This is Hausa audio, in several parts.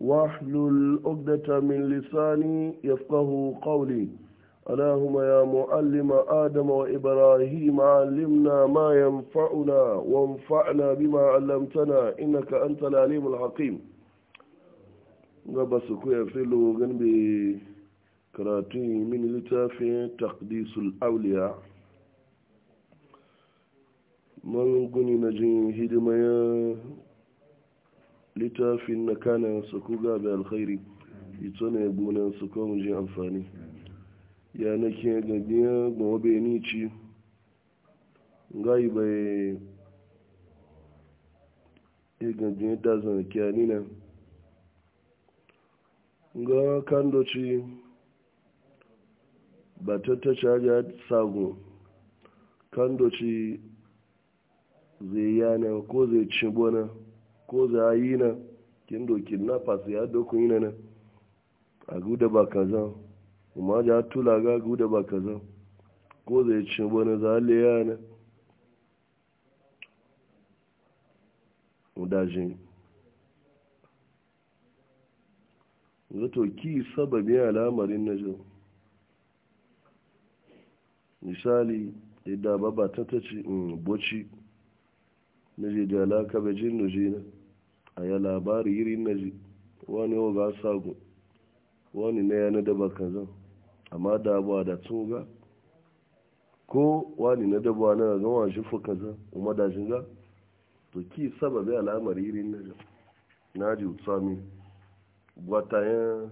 واحلل عقدة من لساني يفقه قولي اللهم يا معلم آدم وإبراهيم علمنا ما ينفعنا وانفعنا بما علمتنا إنك أنت العليم الحكيم غبا سكويا فيلو غنبي كراتي من لتافي تقديس الأولياء من قني نجي هدميا littafin na kanan su ku gaba alkhairi ito ne gonan su kawo jin amfani ya na ke gajiya gbawa bai ni ci gai bai ya e gajiya dazan ni na ga kandoci ba ta ta caja sagun kandoci zai yana ko zai ci gona ko za yi na kin doki na fasu ya doku yi na na a guda ba kaza kuma ja tula ga guda ba kaza ko zai cin wani zaliya na mudajin zato ki sababi al'amarin na jau misali idan babatan ta ce mm, boci na je da alaka bajin nujina a ya labari iri na ji wani yau ga sagu wani na yana daba kazan amma da abuwa da tsoga ko wani na daba na ga wani shi fuka zan kuma da shi ga to ki zai alamar iri na ji na ji utsami ya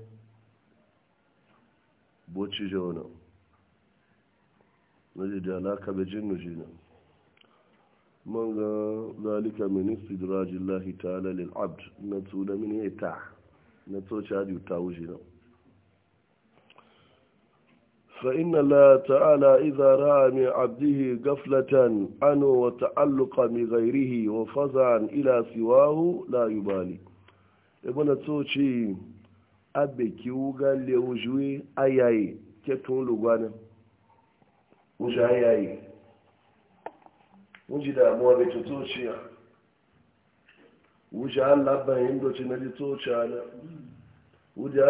bocci jona na ji da alaka bejin nujinan من ذلك من استدراج الله تعالى للعبد نتونا من يتاع نتوش هذه التاوجنا فإن الله تعالى إذا رأى من عبده قفلة عنه وتعلق غيره وفزعا إلى سواه لا يبالي ابن توشي أبي كيوغا لوجوي أياي كيف تقول لغانا مش أياي wuji damuwa bai ta tociya wuji an na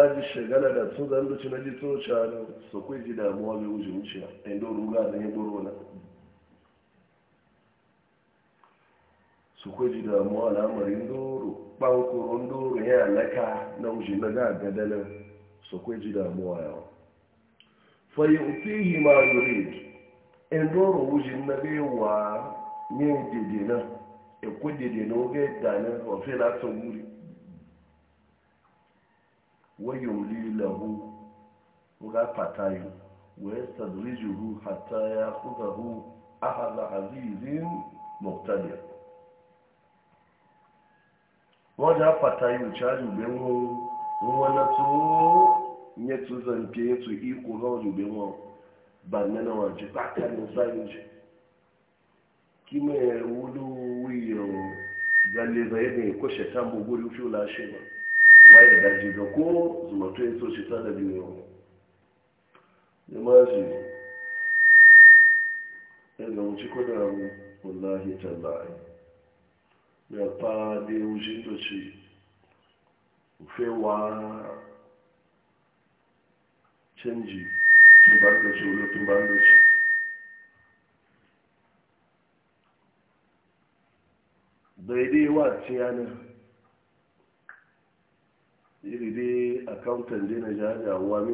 an ji shagala da su zan doci ji tociya na su kai ji damuwa bai wuji na su kai ji damuwa al'amarin doro ya laka na wuji na ga gadanin su ma ní dèdè náà èkó dèdè na ó gé ìdáná ọ̀fẹ́ látọ̀ wúri wọ́n yóò rí ilẹ̀ hù ó gá pàtà yìí wọ́n sàdúríjì hù àtàyà kúta hù ahàlà àzíyìí mọ̀tàdìyà wọ́n já pàtà yìí ṣáájú gbé na tó nyẹ tó zànkẹ́ tó ikú náà jù gbé wọn bàmínà wọn jù pàtà ní sáyẹn kima ya wulu wiyo zalle zai ne ko shaitan buguri fi lashe ba waye da ji ga ko zumato ya so shaitan da biyo jama'a shi ya ga wuce ko da wallahi tallahi ya fa da wuce to ci fewa canji tun da shi tun ba da shi daidai wace yana iri dai akawuntan dai na jajawa ya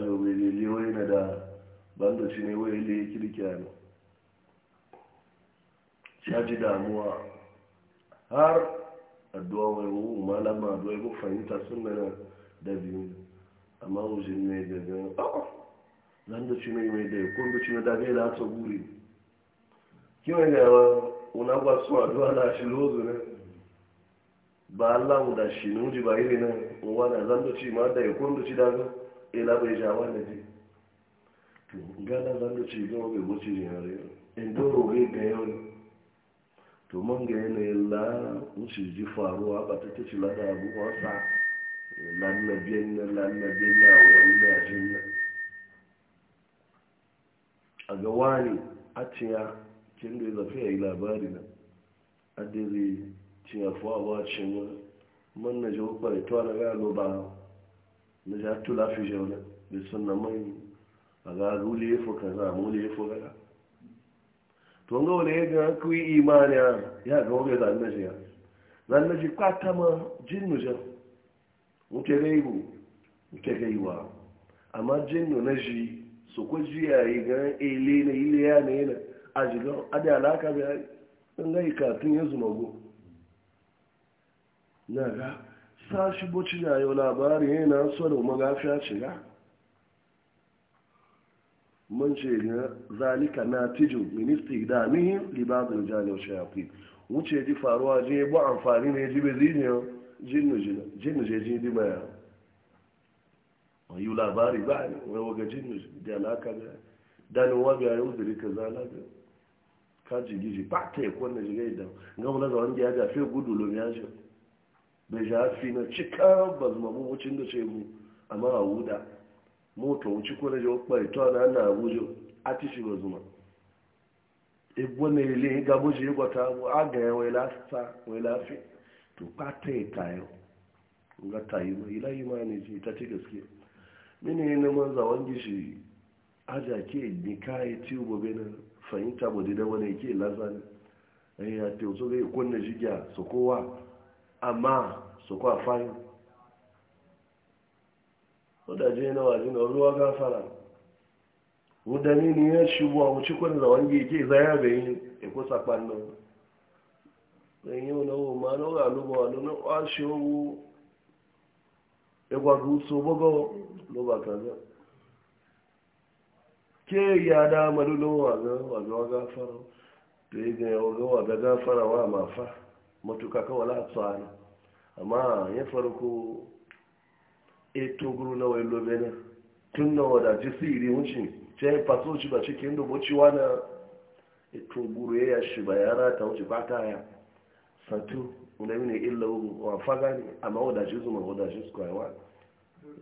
zo bai lewai na da banda shi ne wai le kirkiya ne ya ji damuwa har addu'a wai wu malama addu'a ya fahimta sun nana da biyu amma wujin ne biyu oh, zan da shi ne mai da ya kundu shi na daga da lati guri kiwon yawa una gwa su aduwa na shi lozu ba Allah mu da shi nuji ba iri nan uwa na zando chi ma da yakon da ci da ga ila bai jawa na ji to ga na zando ci ga bai wuce ne are in doro ga ga yau to mun ga ne la wuce ji faruwa ba ta chi la da abuwa sa la na biyan na la na biyan na wani na jin a ga wani a ciya kin da ya zafi ya yi labari na adiri cin afuwa ba cin wani man na ji hukwari tuwa na gaya ba na ja hatu lafi shi wani da sun mai a ga ruli ya fi kaza muli ya fi ga to ga wani ya ga kuyi imani ya ga wani zan na shi ya zan na ji kwata ma jin nujan mutu ga ibu mutu ga iwa amma jin na ji su kwa jiya yi ga ele na ile ya na yana a adị alaka bai ɗan gai na ga sashi boci da yau labari na so da magafiya shiga mun ce zalika na tijin ministi da mihin libabin jalil shayafi wuce ji faruwa je bu amfani ji beziniyo alaka kaji gizi ba ta yi kwanan shiga idan gama na zawon ya jafe gudu lomi ya ce bai jafi na chika ba zuma wucin da ce mu amma a wuda mota wuci kwanan shiga kwari to na ana abuja a ti shiga zuma igbo e na ile e e ga buji yi gwata abu aga ga ya wai sa wai lafi to ba ta yi tayo ga tayi ma ila yi ya ne ce ta ci gaske mini ne man zawon gishi aja ke nika ya ciwo gobe na fahimta ba da wani ke lazani ai eh, ya te so ga kunna jigya so kowa amma su kwa fayin oda je na wajin da ruwa gafara wadani ni ya shiwa mu ci kun da wani yake zaya bayin e ko sapanno dan yau na ma n'oge ga lubo wa no a shiwu e kwa gutso bogo lo ba ke ya da malulo waga waga waga fara to yi ganye waga waga gafara wa mafa matuka kawala tsari amma ya farko eto guru na wai lobena tun na wada ji siri wucin ce faso shi ba cikin dubuciwa na eto guru ya ya shi ba ya rata wuce ba ta ya satu wanda yi ne illa wa faga ne amma wada shi zuma wada shi su kwayawa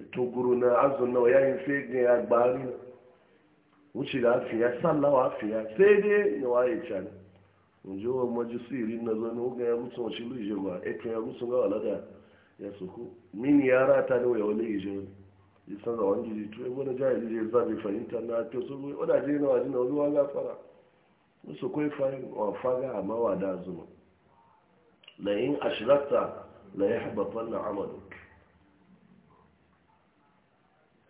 eto guru na azun na wa yayin fegin ya gbari na wuce da afiya sallawa afiya sai dai na waye can inji wa majisiri na zo ne ya mutu wa shilu ije ba eto eh ya mutu ga da ya suku min yara ta da wani ije isan da wani jiji to ebo na jahil ije zabi fahimta na to su ruwa wadda je na wajina wani waga fara musu kai fahim wa faga amma wa da zuma la in ashrakta la yahbatan na amaluk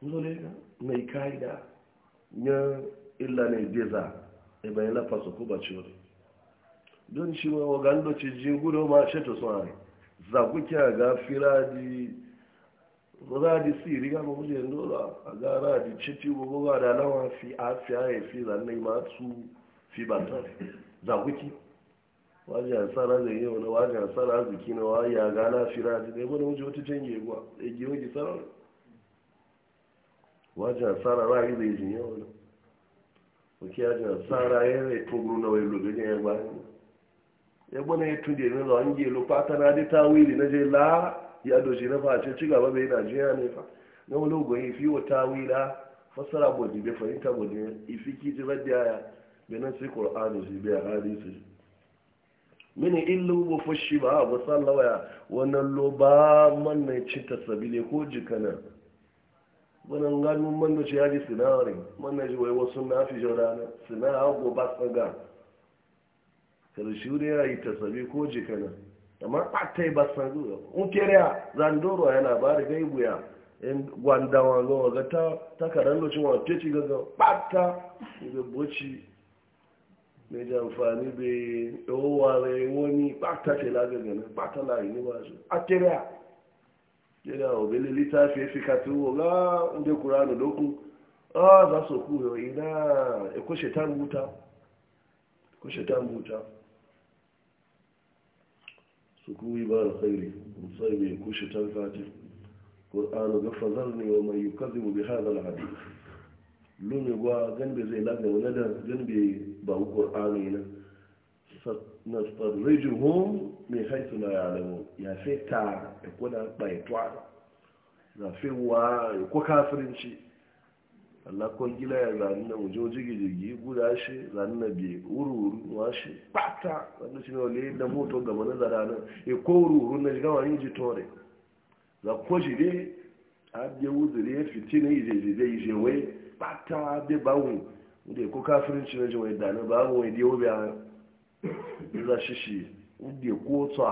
dole mai kaida nye illa na ideza ebe ya lafa su kuba ciwo don shi ji gudu ma shi to so ai za ku kya ga firadi radi si riga mu je ndola ga radi citi go ga da fi afiya e fi zan nei ma su fi banta za ku waje asara da yau na waje asara ziki na wa ya ga na firadi ne mu je wata canje gwa e giyo gi sarau wajen asara ra'ayi zai jin yau wani wake yajin asara ya rai na wani lobe ne ya bani ya gbana ya tunde na zawon gelo na dai ta wili na je la ya doshi na face ci gaba bai na ya ne fa na wani ogun yi ta wila fasara bodi bai fahimta bodi ifi kiji radda ya bai nan sai qur'ani shi bai hadisi mini illu bu fushi ba ba sallawa wannan loba man ne ci sabile ko jikana wannan ganin man da shi yaji sinari man na ji waiwa sun na fi jaurana sina hagu ba tsaga karshe da ya yi tasabi ko jikana amma ɓata yi ba tsaga in kere zandoro yana ba da gaibu ya in gwandawa ga waga ta takarar lokacin wata ci gaga ɓata ga boci mai ji amfani bai yawowar wani ɓata ce lagaga na ɓata la'ayi ne ba shi a kere kira obele littafi ya fi katu ga inda kuranu doku a za su kuyo ina ya e kushe ta buta e kushe ta buta su kuyi ba da khairi musai mai kushe ta fati ƙur'anu ga fazar ne wa mai yukazi mu bi hadal lumi gwa ganbe zai laga wani da ganbe ba ƙur'anu yana na home mai haitu na yalamu ya fi ta ya kuna ɓaitwa na fi wa ya kwa kafirinci Allah ko gila ya zani na muje jigi jigi guda shi zani na biye ururu wa shi bata zani shi na wale na moto gaba na zara na ya ko ururu na shiga wani ji tore za ko shi dai abin wuzuri ya fiti na ijejeje ijewe bata abin bawon da ya ko kafirinci na ji jiwa na bawu bawon ya diyo biya za shi shi da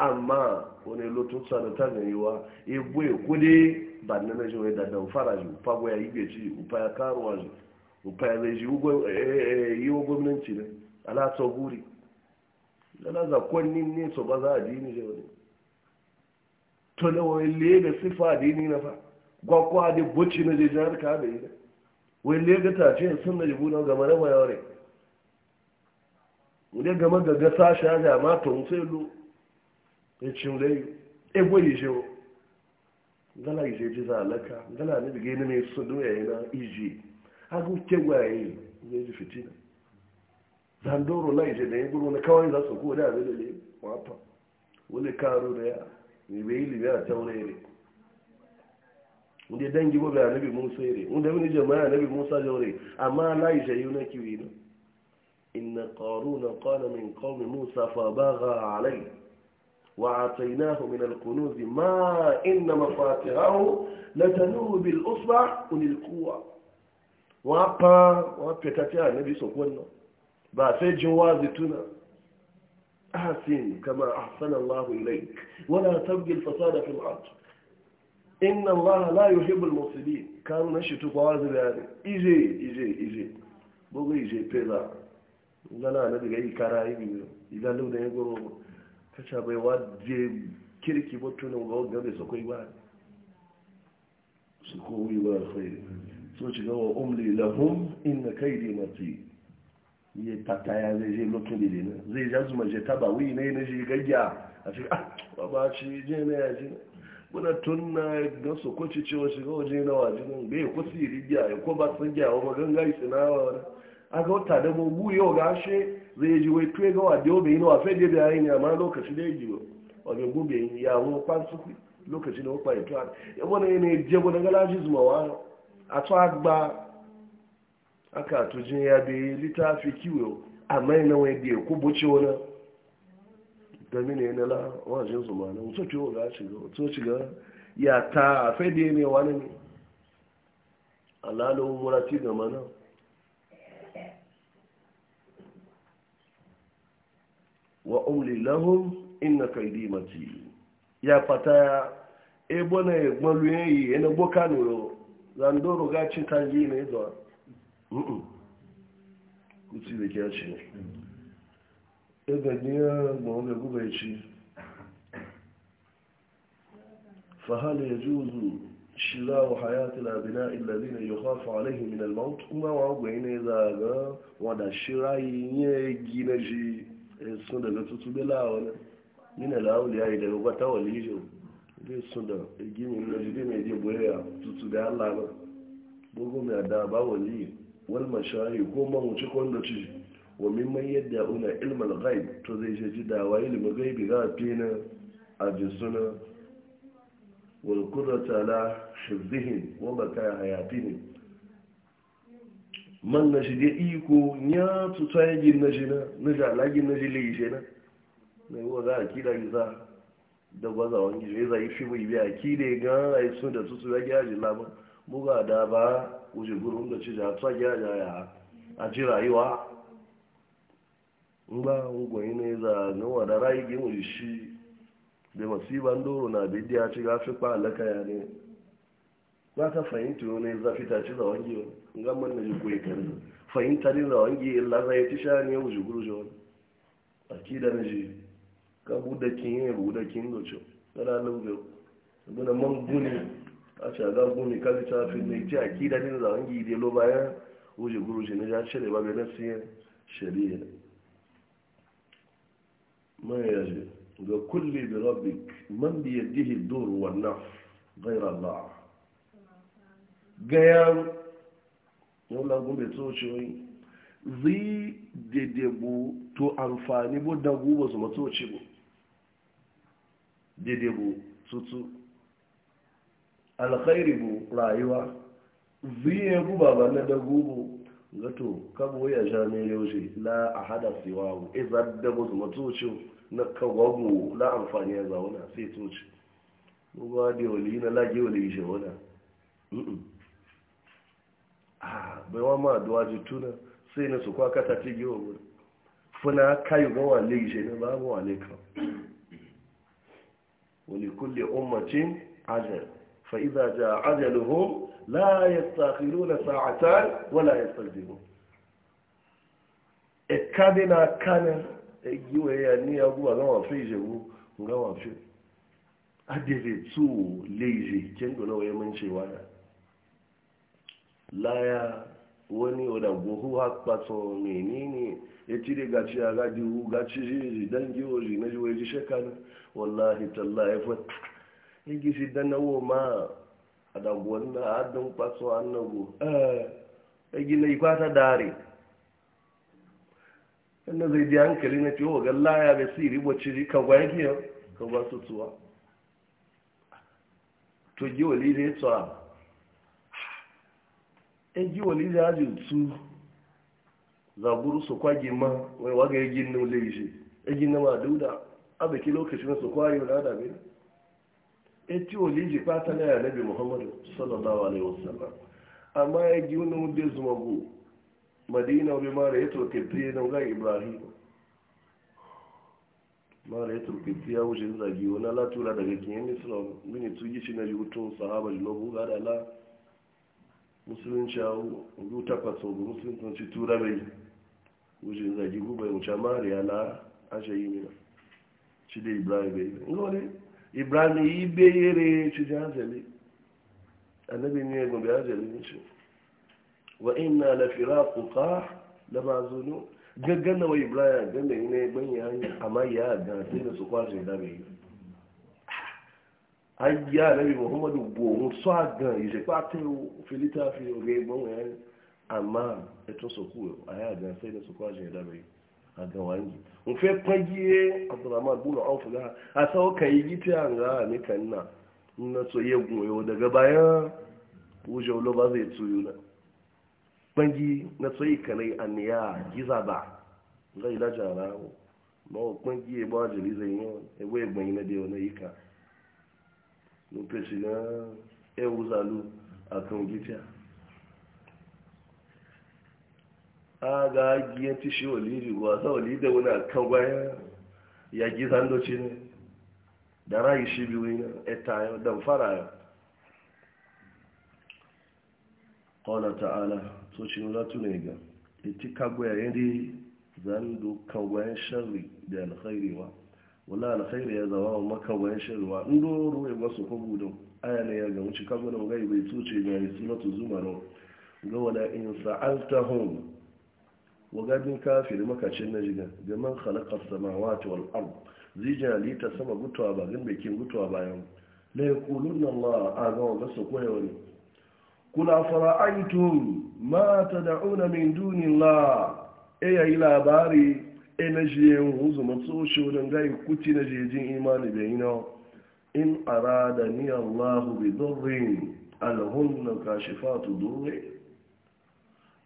a amma wani lotuta da ta ganewa ebo ya kude ba na na jiwa da damfara ji upa ya yi gaji upa ya karuwa ji upa ya zai ji yi wa gwamnati ne alata guri lana zakonnin ne so ba za a dini jiwa ne to na wani lega sifa dini na fa gwakwa da bocci na jejjar ka da yi wani lega ta ce sun na jibu na gama na bayawa ne wule game ga gasa shi a ga to musu ilu ya cin rai ebo yi shi gala yi shi ji gala ne da gani mai su doya iji hagu kegwaye ne ji fitina zandoro na ije da ya guru na kawai za su ko da abin da ne wata karo da ya ne bai a taurari wunde dangi bobe a nabi musa jama'a nabi musa jaure amma na ije yi na kiwi na إن قارون قال من قوم موسى فباغى عليه وعطيناه من الكنوز ما إن مفاتحه لتنوه بالأصبع أولي القوة وأبقى وبتتيا النبي بعد باسي جواز تنا أحسن كما أحسن الله إليك ولا تبقي الفساد في الأرض إن الله لا يحب المفسدين كانوا نشتوا فوازر يعني إيجي إيجي إيجي بغي إيجي بيضا ngana na daga ikara yi biyu idan lu da yago ta cha bai wa je kirki botu ne ga ga be sokoi ba su ko ba so ci gawa umli lahum inna kaydi mati ye tata ya zai je lokacin da ne zai ja zuma je taba wi ne ne shi a ce ah baba shi je ne ya ji muna sokoci cewa shiga waje na bai ya aga wata da bugu ya gashe zai e ji wai tuwe ga wadda yau bayi na wafe da biya lokaci da ya ji wadda ya mu kwan suku da wakwa ya ya wani yanayi jebo na galaji zuma ma a gba aka tujin ya bi littafi kiwo amma yana na na la wajen zuma na mutu kiwo ya ta a fai wani ne mana wa umli lahum inna kaidi mati ya fata e bona e gbalu e yi ene boka nuro zandoro ga cinta yi ne do kuti da ke ce e ga ni mo ga gube ci fa hal yajuzu shirawu hayatul abina alladhina yukhafu alayhi min al-maut kuma wa ga ina za ga wada shirayi ne gina shi Eh, sun daga tutu bela wani mina la'auli yayi yi daga wata walijo zai sun da gini na jide mai je boyaya tutu da allah na bugu mai da ba wali wal mashari ko man mawuci kwanda ci wa mimman yadda una ilmal ghaib to zai je ji da wa ilmi ghaibi ga fina a jinsuna wal kurrata la hibzihim wa baka hayatihim man na shi dai iko ya tuta ya gin na shi na na shi alagin na shi lai shi na na yi wa za a kira yi za da gwaza wani shi za yi fi mai biya ki da ga a yi sun da tutu ya gyaji lama buga da ba wuce gurin da ci da ta gyaji ya a ji rayuwa in ba gwani ne za na wada rayu gin wuce shi da masiban doro na bidiya ci fi kpaa alaka ya ne ba ka fahimta wani zafi ta ci zawangi wani ga man na jiko ya kanzu fahimta ne zawangi illa ya ci sha ne ya wuce gurje wani a ki da na ji ka buɗe kin yi buɗe kin doce tsara lubbe abuna man guni a ci a ga guni ka ci ta fi ne ci a ki da ne zawangi da lo bayan wuce gurje na ja cire ba bai na siya shari'a man ya ji ga kulli bi rabbik man bi yadihi dur wa naf ghayra gayan yau um lagun bai tsocewoyi zai dedebu to amfani bu da gube su matsoci bu dedebu tutu alkhairi bu rayuwa zai ya guba ba na da ga to kabo ya sha ne yaushe la a hada bu e za da bu su matsoci na kawamu la amfani ya zauna sai tsoci guba da yi na lage wali shi wana Ah, bai wa ma duwa jituna sai na su kwa kasa ce giwa wuri funa kayu ga wale gishe na ba mu wale ka wani kulle ummacin ajal fa'iza ja ajaluhum la ya tsakiru na sa'atan wala ya yastaqdimu e kabe na kana e giwe ya ni agu ga wa fi je wu ga wa fi adere tu leje kendo na wayan mun cewa laya wani wadda gohu haka so menene ya cire gaci a gaji hu gaci shi dan giwo ji na ji waje shekara wallahi tallahi fa ya gishi dan nawo ma a dagon na adon kwaso annago eh, ya gina ikwata dare yana zai ji hankali na ciwo oh, ga laya bai si iri wacce ji gwa yake ka gwa su tuwa to giwa lile tsawa Egi walija aji tu zaburu su kwagi ma wai waga yi ginin leji eji na ma duda abeki lokacin su kwari na da bin eti waliji fata na yanabi muhammadu sallallahu alaihi wasallam amma ya gi wani wunde zuma bu madina wani mara yato kebbi na wuga ibrahim mara yato kebbi ya wuce zagi wani latura daga kinyen islam mini tuyi shi na yi hutun sahaba jilobu ga da la musulunci a ndu takwas ogu musulunci tura mai wujin zagi guba ya wuce mari ala ashe yi mina ci da ibrahim bai yi ngole ibrahim yi beyere ci da azali annabi ne gun bai azali ne ci wa inna kuka da la mazunu gaggana wa ibrahim yi ne ban ya amma ya ga sai da su kwashe da bai yi ayé àrẹ́bí muhammad gbòòrùn sọ àgàn ìṣèpá tẹ o fìlítà fi ògè gbọ́n ẹ̀ àmà ẹ̀tún sọ̀kú ayé àgàn sẹ́yìn sọ̀kú àjẹ́ ìdábẹ́ àgàn wà nìyí n fẹ́ pẹ́ yí ẹ́ abdulrahman bùnà ọ̀fùlà àtàwọn kan yìí tí a ń ra àmì kan náà na so ya goyo daga baya wuce ba zai tsoyo na bangi na tsoyi kanai a giza ba zai lajara mawa bangi ba yi na da na yi ka nufe shiga ewu zalu a kan gitiya a ga ti shi waliri wasa walida wani a kan bayan ya gi zandoci ne da rayu shi biyu ne eta yau don fara ya ƙwala ta'ala so shi nuna ne ga iti kagwaya yadda zando kan bayan shari da alkhairi wala alkhairi ya zawa maka wayan ruwa. in doro ya masu kwabu don aya ne ya ga wuce kagunan gai bai tuce ya yi zuma zumaro ga wala in sa'altahum wa gadin kafir makacin na jiga ga man khalaqa samawati wal ard zija li ta sama gutuwa ba gan bakin gutuwa bayan la yaquluna allah aga wa gasu koya wani kula fara'aytum ma tad'una min duni allah e yi labari ina shi yin huzu matso shi wurin gai kuti na jejin imani bai yana in arada ni allahu bi durrin alhunna kashifatu durri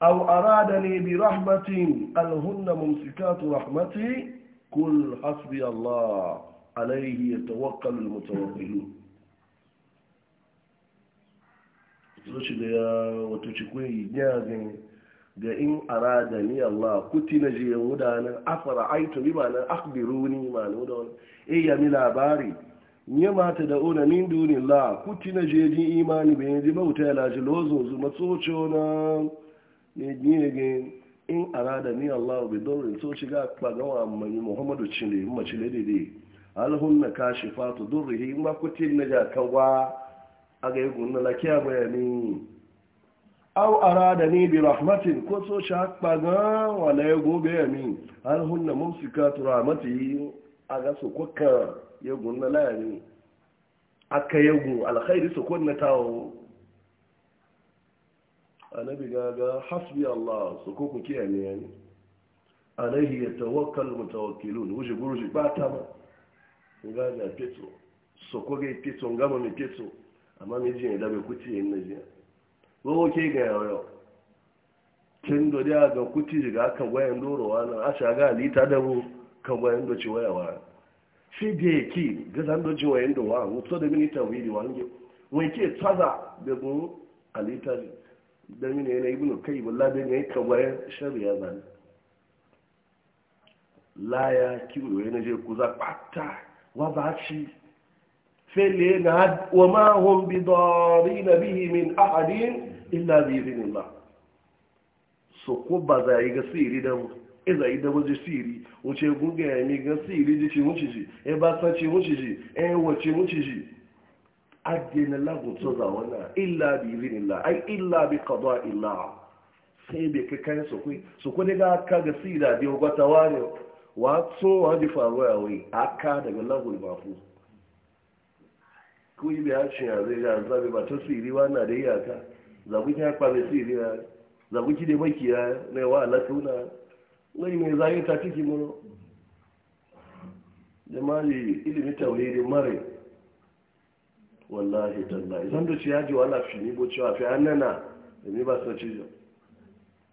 aw aradani bi rahmatin alhunna mumsikatu rahmati kul hasbi allah alayhi yatawakkalu almutawakkilun zuci da ya wato cikin yi gyagen ga in arada ni Allah kuti na je wuda afara aitu bi ma nan akhbiru ni ma nan wuda e eh, ya mi labari ni mata da ona min duni Allah kuti na je ji imani be ji bauta ya laji lozo zu matsocho na ne ni ge in arada ni Allah bi dorri so shiga kwa ga wa mai Muhammadu ma mu de de alhunna kashifatu durrihi ma kuti na ja kawa aga yugun na lakiya bayani aw arada ni bi rahmatin ko so sha kpaga wala ya gobe ya min hunna mumsikatu rahmati aga so kokka ya gunna la ni aka yagu alkhairi so na tawo annabi gaga hasbi allah so ko ku kiyani yani alaihi yatawakkal mutawakkilun wuje buruji bata ma gaga pito so ko ge pito ngama mi pito amma mi jin da be kuti yin na jiya woke ga yau kin dodi a ga kuti jiga kan wayan dorowa nan a shaga alita da mu kan wayan doci wayawa shi da ya ki gazan doci wayan dowa mutu da mini tawili wange wai ke tsaza da gun alita da mini yana ibnu kai bulla da ne kan wayan shari'a zan laya kiwo yana je kuza kwata wa ba shi fele na wa ma hum bi darin bihi min ahadin illa bi izinillah so ko ba za yi ga siri da mu iza e yi da siri wuce ya mi ga siri ji ci wuce ji e ba san ci wuce ji e wuce ji lagun to za wana illa bi izinillah ai illa bi qada illa sai bai kai kan su kai su ko daga ka ga sira bi aka daga lagun kuyi bi a cin ba ta siri wa na da iyaka zaguki ya kwame siri ya zaguki da maki ya na yawa alatuna wani mai zayi ta ciki muro jama'i ilimin tauhidi mare wallahi tallahi zan da ci ya ji wala fi ni bo cewa fi annana da ni ba sa cijo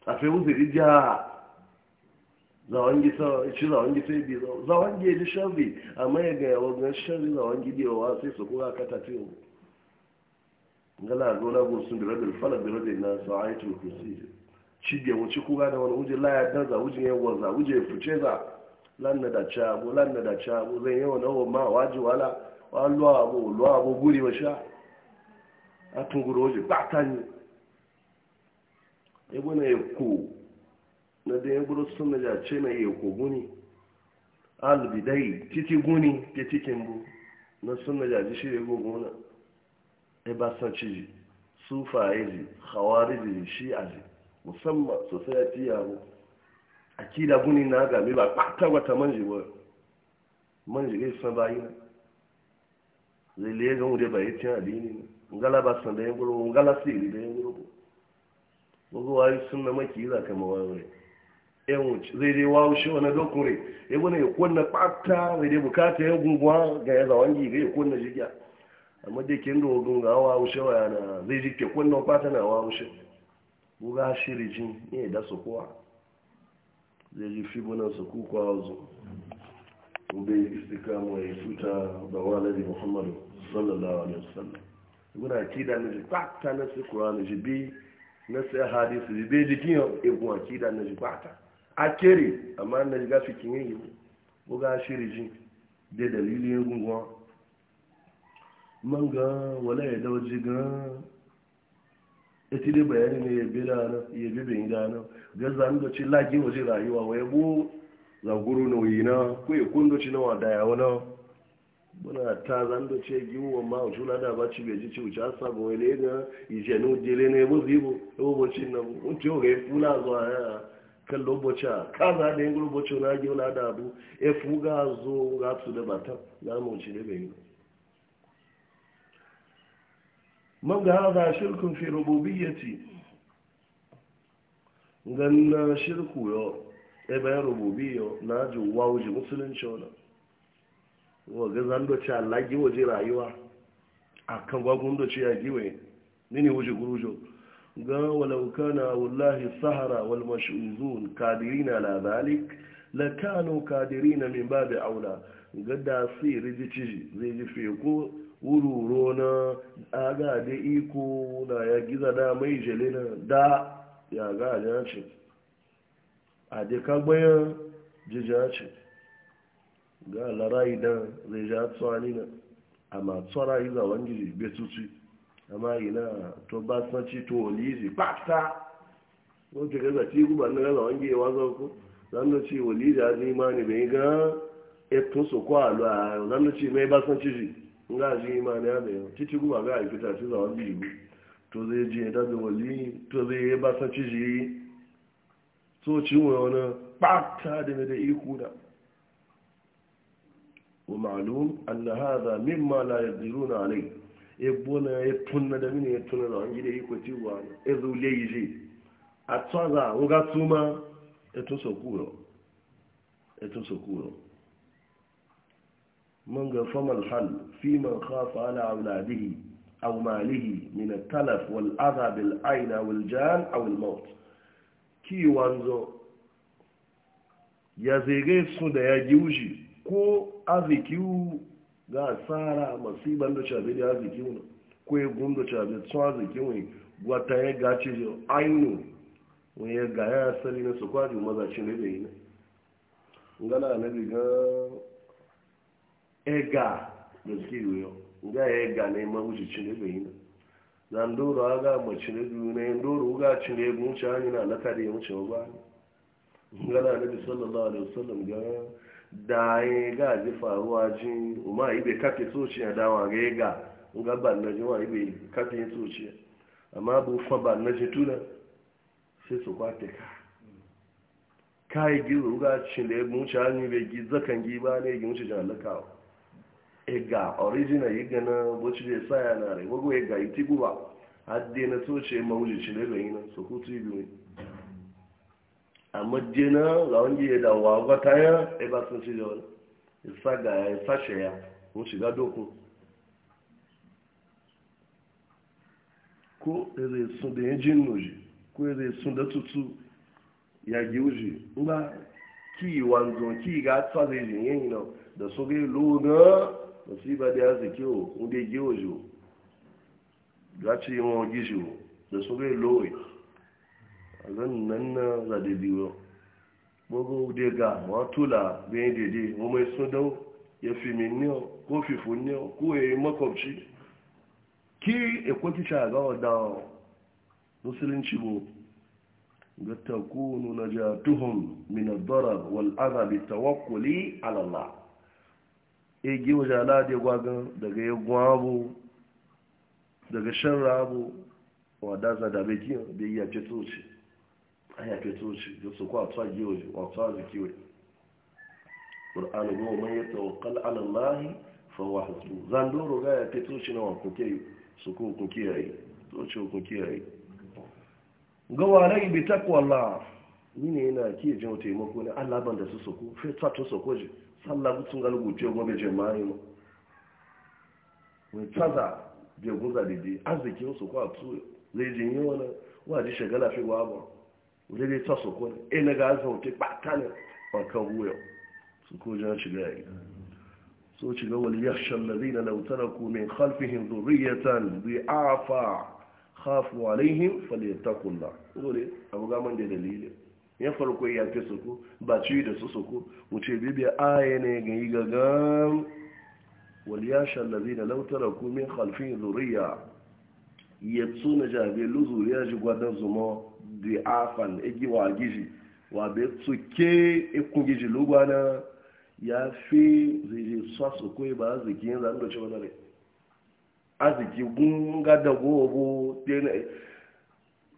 a fi uzuri ja zawangi sa ci zawangi sai bi zawangi ya ji sharri amma ya ga yawa gan sharri zawangi da yawa sai su kura ka tafiyo ngala gola go sun da bil falak da rabin na sa ayatul kursi shige mu ci kuga da wani uje la ya daza uje ya waza uje fice za lanna da cha bo lanna da cha bo zan yawa nawo ma waji wala walwa bo lwa bo guri wa sha a tunguro waje ba tani e na e ku na da ya buru sunna ja ce na e ku guni al bidai titi guni ke cikin bu na sunna ja ji shi e gogona ibasanci sufayizi hawarizi shi'azi musamman sosai ya tiya mu akida guni na game ba kwata wata manji ba manji gai san bayi na zai liye gan wude bayi tiyan adini ne. ngala ba san da ya gurbu ngala siri da ya gurbu gugu wayi sun na maki za ka mawa wuri zai dai wawo shi wani dokure ya gwana ya kwanna kwata zai dai bukata ya gunguwa ga ya zawangi ga ya kwanna jigya amma da ke ndo ogun ga awa ushe wa yana zai ji ke kunna kwata na awa ushe buga shiri jin ne da su kowa zai ji fi bunan su kuka wazo bai istika mai suta da walari muhammadu sallallahu alaihi wasallam guna kida na ji kwata na su kuwa na ji bi na sai hadisu ji bai jikin yau egun akida na ji kwata a kere amma na ji gafi kinye yi buga shiri jin da dalilin gungun man ga wala ya dauji ga ita dai bayani ne ya bi ranar ya bi bin ranar ga zan da ci lagi waje rayuwa wai bu zaguru na wuyi na ko ya kun doci na wada ya wani buna ta zan da ce giwa ma wuce na da baci bai ji ci wuce asa ba wai ne ga ije nu jele ne bu zibo yau boci na bu ce ga fula zuwa ya kan lobocha kaza da yin lobocha na giwa na da bu e fuga zo ga su da batan za mu wuce ne bai maga haza shirkun fi rububiyyati ganna shirku yo e bayan rububiyyo na ji wawuji musulunci wani waga zan doce allagi waje rayuwa a kan gwagun doce ya giwe nini wuce gurujo ga walaukana wallahi sahara wal mashuzun kadirina la zalik la kanu kadirina min babi aula ga da si rijiciji zai ji feko wururo na a ga da iko na ya giza da mai jele na da ya ga ya ce a da kagbayan jija ce ga larayi da zai ja tsawani na amma tsara yi za wani jiri betutu amma ina to ba sanci to olizi pata wata gaza ci guba e na gaza yi gewa zauku zan ci olizi a zima ne bai ga etun su kwa alwa zan ci mai ba sanci jiri nga ji imani ya da yau titi guba ga aikita ci zawon jibu to zai je da da wali to zai yi ba san ciji so ci wa wani ɓata da mai da iku da wa ma'alum an na haza mimma la ya ziru na alai e bona ya e tunna da mini ya e tunna da wani gida iko ci wa e zule yi je a tsaza nga tuma ya e tun so kuro ya tun so kuro من غفم الحل في من خاف على أولاده أو ماله من التلف والأذى بالعين أو الجان أو الموت كي وانزو ya zere su da ya ji wuce ko arzikiwu ga asara masiban da cabe da arzikiwu ko ya gun da cabe tun arzikiwu gwata ya gace da ainu wani ya ga ya na su kwaji mazacin da yi na riga ega gaske yoyo ya ega na ima wuce chinebe hina zandoro aga Chineke na indoro ga chineke anyị na alakari ya wuce ba ngana nabi sallallahu alaihi wasallam ga anyị ga ji ibe kafe soci ya dawa ga ega nga ban na ibe kafe amma bu fa na jituna sai su ka gi ega original yi gana bocci da sa yana rai wago ga iti guba hadde na toce mawuji ci daga yi na su hutu yi biyu amma dina ga wani ya da wago ta ya e ba sun ci da wani isa ga ya sashe ya ko shiga dokun ko ere sun da yajin e noji ko ere sun da tutu ya gi uji ba ki wanzo ki ga tsa zai jin yayi na da su ga lona musiba da ya zike o inda gi ojo gaci yi mawa gishi da su bai lowe a zan nan na zade de ga wọn tula bai dede wọn mai sun dau ya fi min ni ko fifo ni ko ya yi makwabci ki ekwati shaga wadda musulunci bu ga takunu na jatuhun min ad wal adha bi tawakkuli ala Allah egi waje gwagan daga ya abu daga abu wadda za da bai da yi yafe tsoci a yafe tsoci da su kwa tsa giwaje wa tsa ziki ya tawakal alallahi fawa hasu zan doro ga na wakunke su ko kunke yayi tsoci kunke yayi gawa rai bi takwallah ni ne yana kiyajin taimako allah da su sallah gutsun galuguce gobe jemani mu mai tsaza bai guza dide arzikin su kwa tu zai jin yi wani waje shagala fi gwa ba wani dai ta su kone e eh, na ga gaza wuce ta ne bankan wuyan su ko jan shiga ya gida so shiga wani ya shallazi na lautara ku min khalfihin zurriyatan zai afa khafu alaihim falyattakulla dole abu gaman da dalilin ya farko ya fi suku ba ci da su suku wuce bibiya aya ne ga yi gagan waliyasha lalazi na lautara kumin halfin zuriya ya tsuna jabe luzuri ya ji gwadon zuma da afan igi e wa gizi wa bai tsuke ikun e gizi lugwana ya fi zai je sa suku e ba arziki yin zanen da ce wani ne arziki gunga da gobo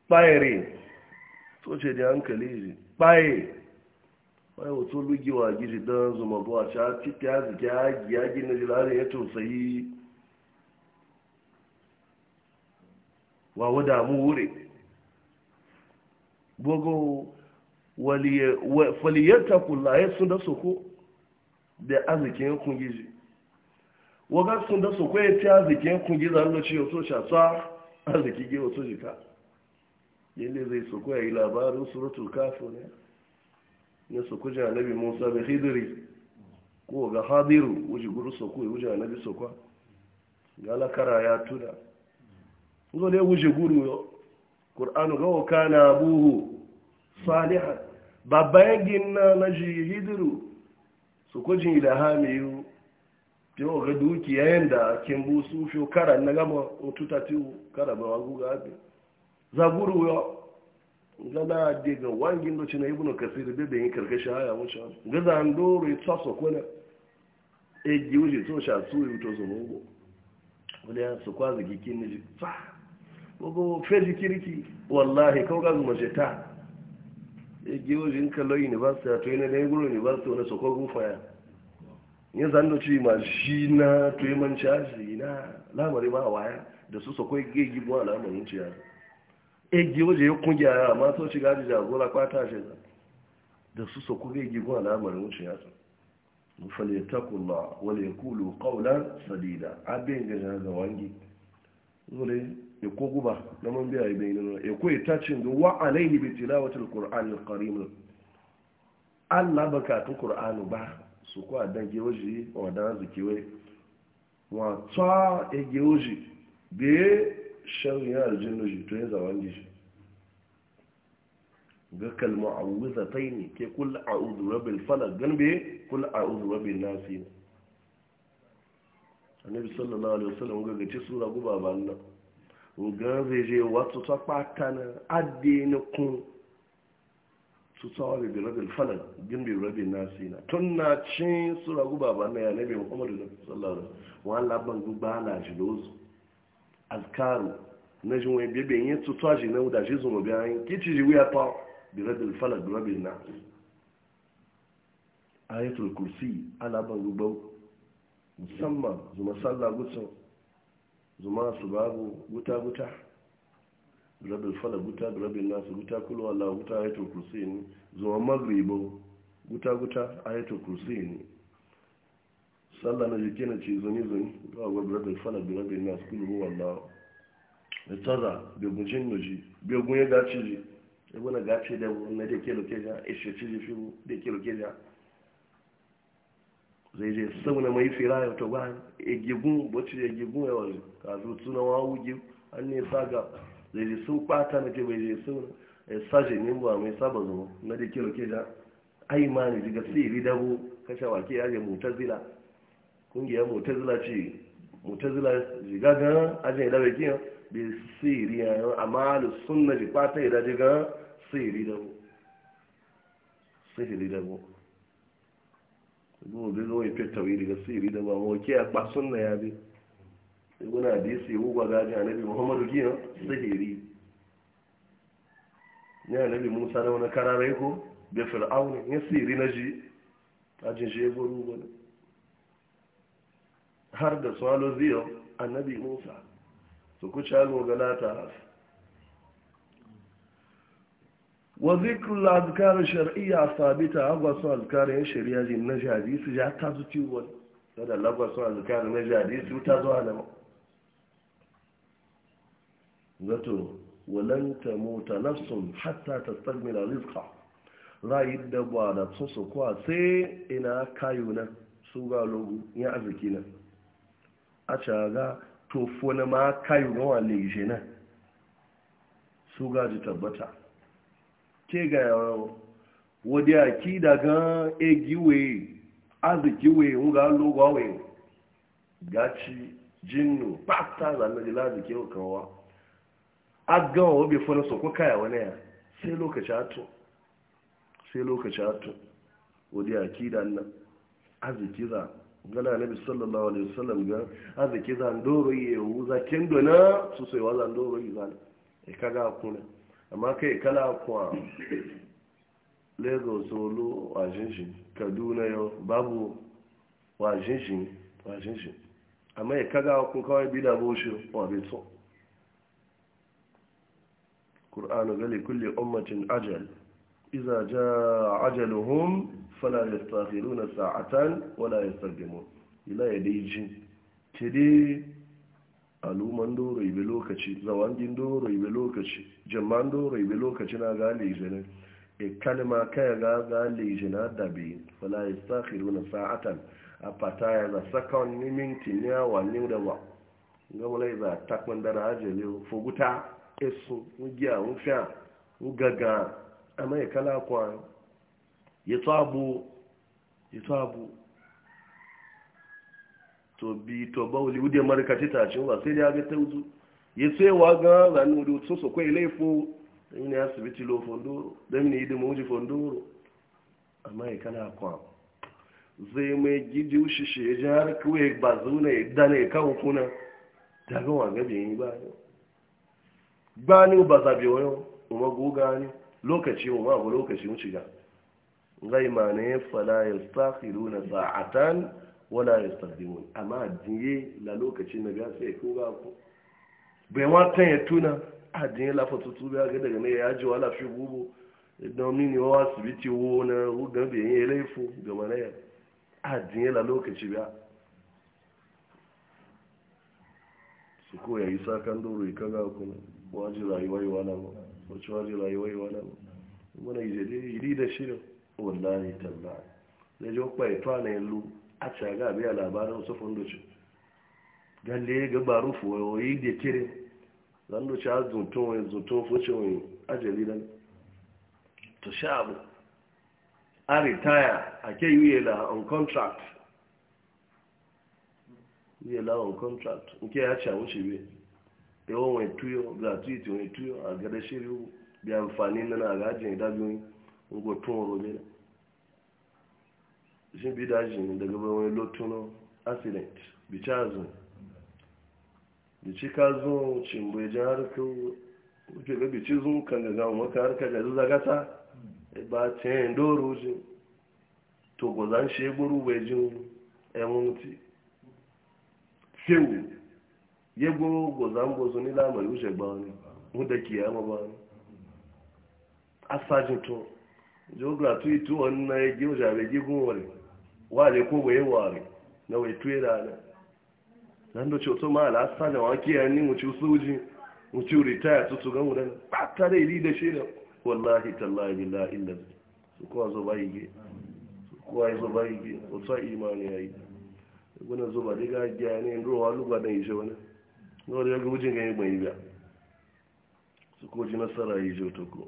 bayarin soce da hankali ji baye baye wato lugewa gizi don zuma buwa ca cikin ya zuke hagi ya na jilarin ya tausayi wa wada mu wure bogo faliyarta kula ya sun da soko da arzikin kungizi waga sun da soko ya ci arzikin kungizi a lokacin ya so shasa arziki ge wato jika yadda zai su ya yi labarin suratul kafo ne na su kuja annabi musa mai hidiri ko ga hadiru wuji guru su koya wuji annabi su kwa gala kara ya tuna zo ne wuji guru yo ƙur'anu gawo kana buhu salihan babban gina na ji hidiru su kujin da yiwu yau ga dukiya yadda kin bu su fiye kara na gama otu tatiwu kara ba wagu ga abin zaburu yo gana diga wangin do cina ibnu kasir be be karkashi haya wuce gaza an doro ita so kona e giwuje to sha su yi to so mugo wala su kwazi gikin ne fa gogo feji kiriki wallahi kau ga zuma ta e giwuje in kallo university to ina da guru university wala so ko gufa ya ne zan do ci ma jina to yi man charge ina lamari ba waya da su so koi gegi mu alamarin ciya egi waje ya kungiya ya masu shiga da jagora kwata shi da da su so kuga egi gun al'amarin wuce ya san falitakulla wale kulu kaunar sadida abin ga ga wangi zure ya ko guba na man biya ya bayyana ya ko ita cin da wa alaihi bi tilawatul qur'an al-karim Allah ta qur'anu ba su ko dan ge waje wa dan zikiwe wa tsa ege waje sharrin aljinnu shi to ya zawon gishi ga kalma a wuza ta yi ke kula a uzurabin falak ganbe kula a uzurabin nasi ne annabi sallallahu alaihi wasallam ga gaci sura guba ba nan ogan zai je wasu ta kpata na adde na kun su tsawa da birabin falak ganbe rabin nasi tun na cin sura guba ba nan ya nabi muhammadu sallallahu alaihi wasallam wani laban guba na shi da azkaru na jin wani bebe yin tutuwa shi na da shi zuma bayan kici ji wuya fa bi rabbil falak da rabbil na ayatul kursi alaban rubau musamman zuma sallah gutsun zuma su babu guta guta rabbil fala guta bi na su guta kulu wallahu guta ayatul kursi ne zuma magribo guta guta ayatul kursi ne sallah na jike na ce zuni zuni za a gwabra bai fana bi rabin nasu kulu ruwa lawa da tsara begun jin noji begun ya gace ji ya gwana gace da na da ke loke ja ishe ci ji fi da ke loke ja zai je sau na mai fira ya ta gwa ya gigun bacci ya gigun ya waje ka zo tuna wa wuge an ne saga zai je sau kwata na ke bai je sau ya saje ne ba mai saba zama na da ke loke ja ai ma ne daga siri dabo kashe wake ya je motar zila kungiyar mutazila ce mutazila jigagan ajin idabe kiyan bi siri yayin amma da sunna ji fata ida jigagan siri da bu sihiri da bu gobe zo ife tawiri ga siri da ba wake a kpa sunna ya bi ibn hadisi huwa ga ajin annabi muhammadu kiyan sihiri ne annabi musa da wani kararai ko da fir'auni ne siri na ji ajin shi ya gwaru gwada har da swalo ziyo annabi musa su ku shago ta latas wa zikrul azkar shar'iyya sabita agwa su azkarin shari'a jin na jadi su ja ta zuci wani da lagwa su na jadi su ta zuwa da zato walan mota nafsun hatta tastakmila rizqa rayi da ba da sun su kwa sai ina kayuna su ga logo ya arziki na a caga to na ma kayu ga wale ishe nan su gaji tabbata ke ga yawon wadda ki daga egiwe azikiwe nga logwawe gaci jinnu pata zanen lazike kawa agawa wabe fana so ko kaya wani ya sai lokaci ato sai lokaci ato wadda ki da nan azikira gana nabi sallallahu alaihi wasallam ga arziki zan doro yi yawu za kendo na su sai wa zan doro yi zan e kaga kuna amma kai e kala kuwa lagos olu a jinshin kaduna yau babu wa jinshin wa jinshin amma ya e kaga kun kawai bida boshi wa bai so qur'anu gali kulli ummatin ajal idza jaa ajaluhum fala yastakhiruna sa'atan wala yastaqdimun ila yadiji dai aluman doro ibe lokaci zawandin doro ibe lokaci jamman doro ibe lokaci na gale izinin e kalma kaya ga gale izina dabi fala yastakhiruna sa'atan a pataya za sakon nimin tinya wa ni da ba ga mulai za takwan dara ajele foguta esu mugiya mufya mugaga amma mai kala kwa ya tabo ya tabo to bi to bauli wude marka ti ta cin ba sai da ga tauzu ya tsewa ga ranar da so so kai laifo dan ne asibiti lo fondoro dan ne mu muji fondoro amma ya kana kwa zai mai gidi ushishe ya jihar kawai ba zuna ya dana ya kawo kuna ta ga wanga bai yi ba ba ni ba zabe wayo kuma goga ne lokaci umma ma lokaci mu shiga ngai mane fala yastakhiruna sa'atan wala yastaqdimun amma diye la lokacin da biya sai ko ga ku bai watan ya tuna a diye la fatutu biya ga daga ne ya ji wala fi bubu don ni wa asibiti wo na u ga bi yin laifu ga mane a diye la lokaci biya su ko ya yi sakan doro ka ga ku rayuwa rayuwa yi da shirin wallahi tallahi zai ji kwaye na a caga a biya labarin fundoci galle ga baru fuwayoyi da kire zan doci a zuntun ajali nan sha abu a retire a ke yi la on contract nke ya ca wuce be yawon tuyo tuyo a gada shiri aga ngo toro bela jin bida jin daga ba wani lotuno accident bichazo da cika zo cimbe jin harka wuce ga bici zo kan ga gawa maka harka ga zuza gata ba tiyan doro jin to gozan sheburu bai jin emunti fewu yegbo gozan bozo ni lamari wuce ba wani mu da kiyama ba wani tu gratuito wannan ya gi wajen abegi gunwari wale ko waye ware na wai tuye da ana nan da cewa ma alasta da wake ya ni mutu suji mutu su tutu gan wurin ba ta da ili da shi wallahi tallahi billahi illa su kowa zo yi ge su kowa zo yi ge wata imani ya yi guna zo ba diga gya ne ruwa lugba da ishe wani na wadda ya ga wujin ganyen bai biya su koji nasara ya ishe otoko